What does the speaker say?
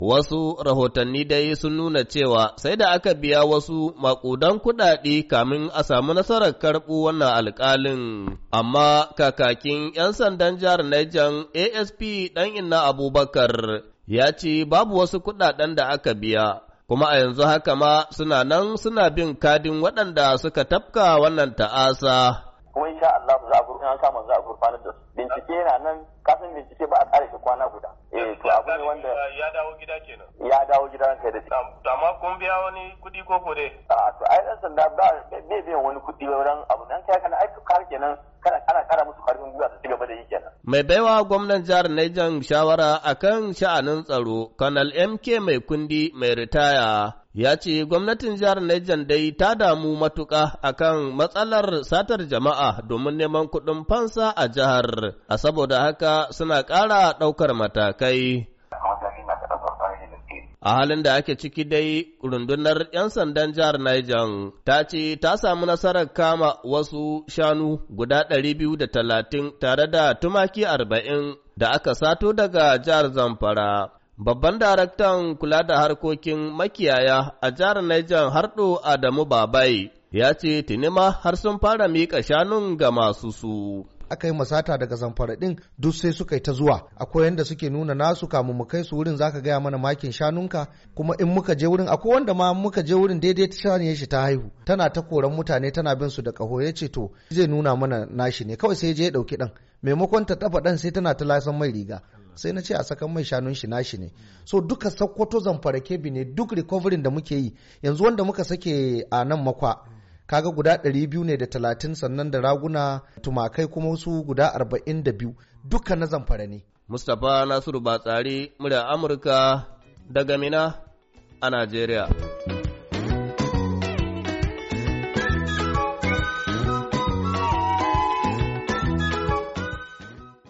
Wasu rahotanni dai sun nuna cewa sai da aka biya wasu makudan kuɗaɗe kamin a samu nasarar karɓo wannan alƙalin, amma kakakin ‘yan sandan jihar Niger ASP ɗan inna Abubakar ya ce babu wasu kuɗaɗen da aka biya, kuma a yanzu haka ma suna nan suna bin kadin waɗanda suka tafka wannan ta'asa. kuma insha Allah za a gurfanar kama za a gurfanar da su bincike yana nan kafin bincike ba a tsare shi kwana guda eh to abu ne wanda ya dawo gida kenan ya dawo gida ranka da shi amma kun biya wani kuɗi ko ko dai a to ai dan sanda ba bai biyan wani kuɗi ba ran abu dan kai kana ai ka kenan kana kana kara musu Mai baiwa gwamnan jihar Niger shawara akan sha'anin tsaro, Kanal MK mai kundi mai ritaya. Ya ce gwamnatin jihar Niger dai ta damu matuƙa akan matsalar satar jama'a domin neman kuɗin fansa a jihar, a saboda haka suna ƙara ɗaukar matakai. A halin da ake ciki dai rundunar 'yan sandan jihar Niger ta ce ta samu nasarar kama wasu shanu guda 230 tare da tumaki 40 da aka sato daga jihar Zamfara. Babban daraktan kula da harkokin makiyaya a jihar Niger Hardo Adamu Babai ya ce tinima har sun fara mika shanun ga masu su. aka yi masata daga zamfara din duk sai suka yi ta zuwa akwai yanda suke nuna nasu kamun mu kai su wurin zaka gaya mana makin shanunka kuma in muka je wurin akwai wanda ma muka je wurin daidai ta shaniye shi ta haihu tana ta koran mutane tana bin su da kaho ya ce to zai nuna mana nashi ne kawai sai je ya dauki dan maimakon ta tafa dan sai tana ta lasan mai riga sai na ce a sakan mai shanun shi nashi ne so duka sakkwato zamfara kebi ne duk recovering da muke yi yanzu wanda muka sake a nan makwa kaga guda 200 ne da 30 sannan da raguna tumakai kuma wasu guda 42 duka na zamfara ne Mustapha Nasiru Batsari murya Amurka daga Mina a Najeriya